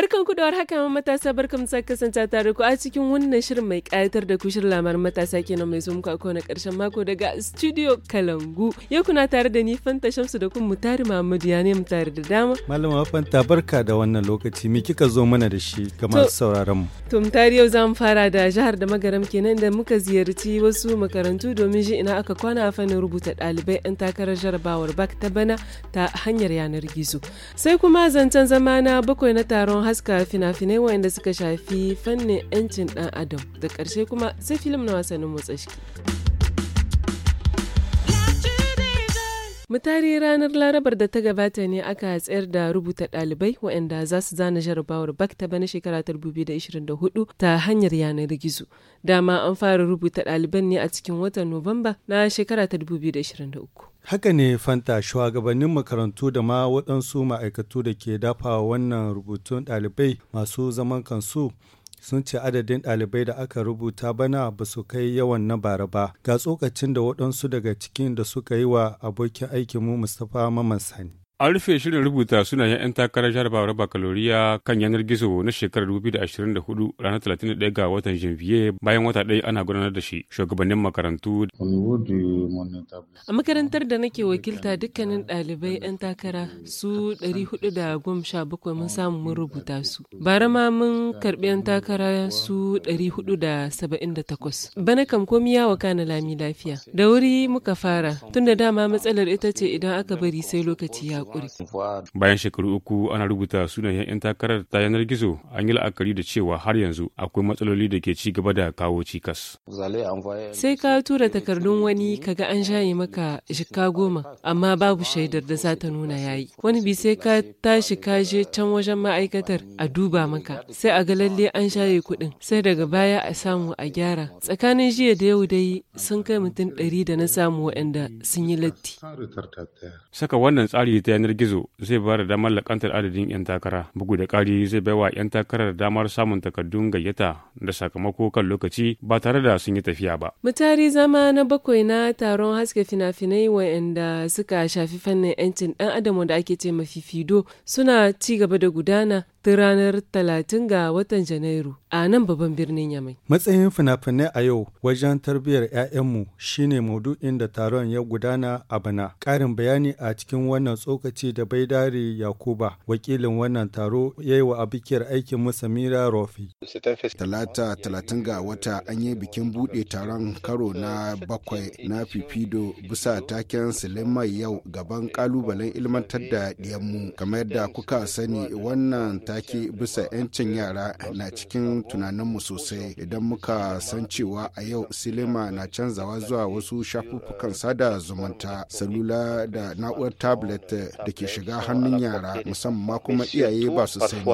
ver barkan ku da war haka matasa barkan sa kasance tare ku a cikin wannan shirin mai kayatar da ku shirin lamarin matasa kenan mai zo muku a kowane karshen mako daga studio Kalangu. Yau kuna tare da ni Fanta Shamsu da kun Mutari Muhammadu ya ne mutari da dama. Malama Fanta barka da wannan lokaci me kika zo mana da shi ga masu sauraron mu. To Mutari yau zamu fara da jihar da Magaram kenan da muka ziyarci wasu makarantu domin ji ina aka kwana a fannin rubuta ɗalibai 'yan takarar jarabawar bak ta bana ta hanyar yanar gizo. Sai kuma zancen zama na bakwai na taron haska duka fina-finai waɗanda suka shafi fannin 'yancin dan adam da ƙarshe kuma sai filim na wasannin motsa shi. Mutari ranar Larabar da ta gabata ne aka tsayar da rubuta ɗalibai waɗanda za su zana jarabawar bakta bana shekara ta 2024 ta hanyar yanar gizo. Dama an fara rubuta ɗaliban ne a cikin watan Nuwamba na shekara ta 2023. Haka ne Fanta shugabannin makarantu da ma waɗansu ma'aikatu da ke dafa wannan rubutun ɗalibai masu zaman kansu sun ce adadin ɗalibai da aka rubuta bana ba su kai yawan na bara ba ga tsokacin da waɗansu daga cikin da suka yi wa abokin aikinmu Mustapha mamansani. an rufe shirin rubuta sunayen 'yan takarar jarabawar bakaloriya kan yanar gizo na shekarar 2024 ranar 31 ga watan janvier bayan wata ɗaya ana gudanar da shi shugabannin makarantu a makarantar da nake wakilta dukkanin ɗalibai 'yan takara su 417 mun samu mun rubuta su bara ma mun karɓi 'yan takara su 478 bana kam komi ya wakana lami lafiya da wuri muka fara tunda dama matsalar ita ce idan aka bari sai lokaci ya Bayan shekaru uku ana rubuta sunayen 'yan takarar ta yanar gizo an yi la'akari da cewa har yanzu akwai matsaloli da ke ci gaba da kawo cikas. Sai ka tura takardun wani kaga an shaye maka shika goma amma babu shaidar da za ta nuna yayi. Wani bi sai ka tashi ka je can wajen ma'aikatar a duba maka sai a ga lalle an shaye kuɗin sai daga baya a samu a gyara. Tsakanin jiya da yau dai sun kai mutum ɗari da na samu waɗanda sun yi latti. Saka wannan tsari ta yanar gizo zai ba da damar lakantar adadin 'yan takara bugu da ƙari zai wa 'yan takarar damar samun takardun gayyata da sakamako kan lokaci ba tare da sun yi tafiya ba mutari zama na bakwai na taron haske fina-finai wa'anda suka shafi fannin 'yancin dan adam da ake ce mafifido suna ci gaba da gudana ta ranar 30 ga watan Janairu a nan babban birnin Yamai. Matsayin fina-finai a yau wajen tarbiyyar 'ya'yanmu shine maudu'in da taron ya gudana a bana. karin bayani a cikin wannan tsokaci da bai Baidari Yakuba, wakilin wannan taro ya yi wa a bikiyar aikin Samira Rofi. Talata talatin ga wata an yi bikin buɗe taron karo na bakwai na fifido bisa taken Suleiman yau gaban kalubalen ilmantar da ɗiyanmu. Kamar yadda kuka sani wannan take bisa 'yancin yara na cikin tunaninmu sosai idan muka san cewa a yau silima na canzawa zuwa wasu shafuffukan sada zumunta salula da na'urar tablet da ke shiga hannun yara musamman kuma iyaye ba su sani.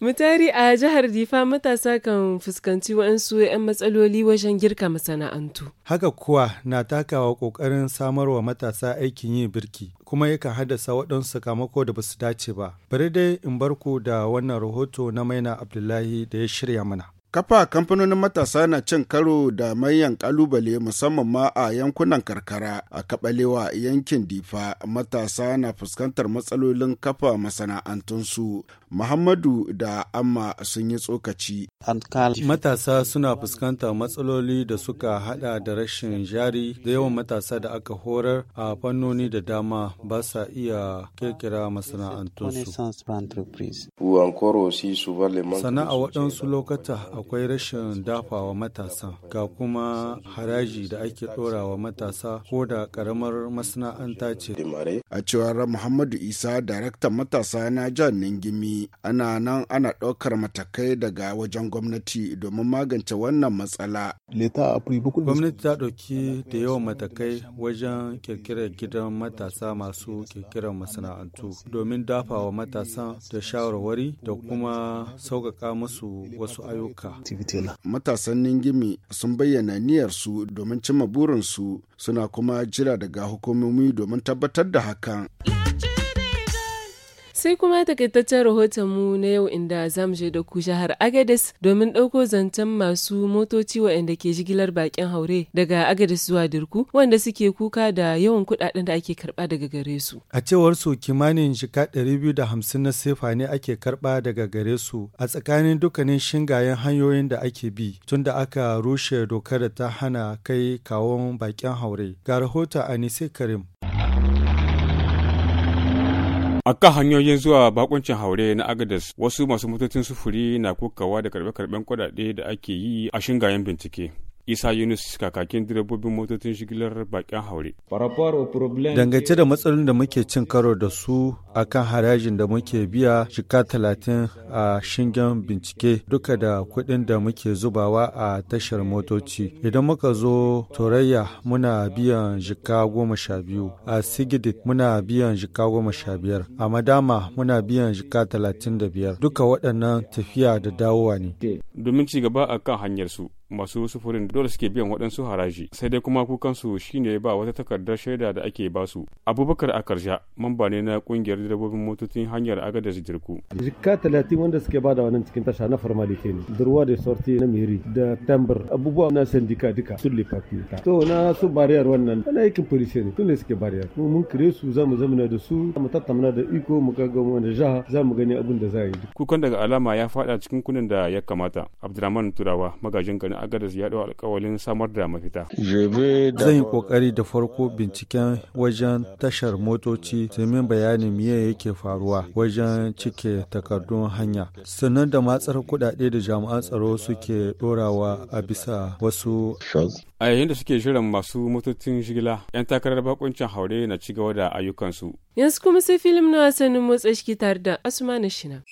Mutari a jihar Difa matasa kan fuskanci wa'ansu 'yan matsaloli wajen girka masana'antu. Haka kuwa na takawa ƙoƙarin samarwa matasa aikin yin birki kuma yakan haddasa waɗansu sakamako da ba su dace ba. Bari dai in barku da wannan rahoto na Maina Abdullahi da ya shirya mana. Kafa kamfanonin matasa na cin karo da manyan kalubale musamman ma a yankunan karkara a kabalewa yankin difa matasa na fuskantar matsalolin kafa masana'antunsu. Muhammadu da Amma sun yi tsokaci. Matasa suna fuskantar matsaloli da suka hada da rashin jari da yawan matasa da aka horar a fannoni da dama ba sa iya kirkira masana'antunsu. Sana'a waɗansu lokata akwai rashin dafawa matasa ga kuma haraji da ake ɗorawa matasa ko da ƙaramar masana'anta ce. A cewar Muhammadu Isa daraktan matasa na jan Ningimi ana nan ana ɗaukar matakai daga wajen gwamnati domin magance wannan matsala. Gwamnati ta ɗauki da yawan matakai wajen kirkirar gidan matasa masu kirkirar masana'antu domin dafawa matasa da shawarwari da kuma sauƙaƙa musu wasu ayyuka Matasan Ningimi sun bayyana niyyarsu domin cimma burinsu suna kuma jira daga hukumomi domin tabbatar da hakan. Sai kuma takaitaccen rahoton mu na yau inda zamu je da ku jihar agadis domin ɗauko zancen masu motoci waɗanda ke jigilar bakin haure daga agadis zuwa Dirku wanda suke kuka da yawan kuɗaɗen da ake karɓa daga gare su. A cewar su kimanin shika 250 na sefa ne ake karɓa daga gare su a tsakanin dukkanin shingayen hanyoyin da ake bi tun da aka rushe dokar da ta hana kai kawon bakin haure. Ga rahoton Anise Karim A kan hanyoyin zuwa bakuncin haure na Agadas wasu masu motocin sufuri na kokawa da karbe-karben kudade da ake yi a shingayen bincike. isa yunus kakakin direbobin motocin shigilar bakin haure dangance da matsalolin da muke cin karo da su a kan harajin da muke biya shika talatin a shingen bincike duka da kuɗin da muke zubawa a tashar motoci idan muka zo Turaiya muna biyan jika goma sha biyu a sigidit muna biyan jika goma sha biyar a madama muna biyan jika talatin da biyar duka waɗannan tafiya da dawowa ne domin ci gaba a kan hanyar su masu sufurin dole suke biyan waɗansu haraji sai dai kuma kukansu shine ba wata takardar shaida da ake basu abubakar akarja mamba ne na kungiyar direbobin motocin hanyar agada jirku jikka talatin wanda suke bada wannan cikin tasha na formalite ne durwa da sorti na miri da tambar abubuwa na sandika duka sun lifafita to na su bariyar wannan ana aikin polisi ne tun suke bariyar mu mun kire su za mu zamana da su mu tattauna da iko mu ga gwamnati da jiha za mu gani abin da za yi kukan daga alama ya fada cikin kunin da ya kamata abdulrahman turawa magajin garin agadas ya ɗau alkawalin samar da mafita. Zan yi ƙoƙari da farko binciken wajen tashar motoci domin bayanin miye yake faruwa wajen cike takardun hanya. Sannan da matsar kuɗaɗe da jami'an tsaro suke ɗorawa a bisa wasu. A yayin da suke shirin masu motocin shigila, 'yan takarar bakuncin haure na ci gaba da ayyukansu. Yanzu kuma sai filim na wasannin motsa shi tare da Asuma na Shina.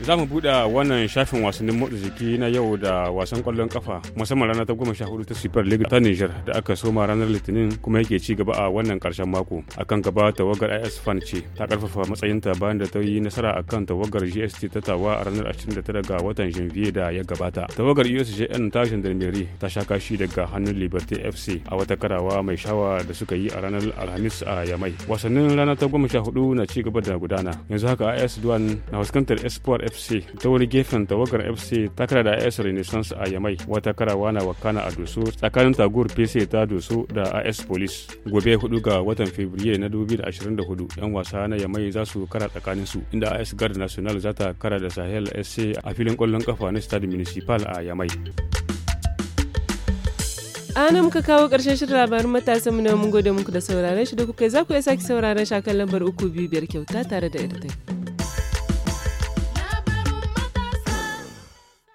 za mu buɗe wannan shafin wasannin motsa jiki na yau da wasan ƙwallon kafa musamman rana ta goma sha hudu ta super league ta niger da aka soma ranar litinin kuma yake ci gaba a wannan ƙarshen mako akan gaba tawagar is fan ce ta ƙarfafa matsayinta bayan da ta yi nasara akan tawagar gst ta tawa a ranar 29 ga watan janvier da ya gabata tawagar usjn ta gendarmerie ta sha kashi daga hannun liberty fc a wata karawa mai shawa da suka yi a ranar alhamis a yamai wasannin rana ta goma sha hudu na ci gaba da gudana yanzu haka is duan na fuskantar espoir FC ta wani gefen tawagar FC ta kara da AS Renaissance a Yamai wata karawa na wakana a Doso tsakanin tagur PC ta Doso da AS Police. Gobe hudu ga watan Fabriye na 2024 'yan wasa na Yamai za su kara tsakanin su inda AS Guard National za ta kara da Sahel SC a filin kwallon kafa na Stade Municipal a Yamai. ana muka kawo karshen shirin labarin matasan mu na mun gode muku da sauraron shi da kuka za ku iya sake sauraron shakan lambar uku biyu biyar kyauta tare da editan.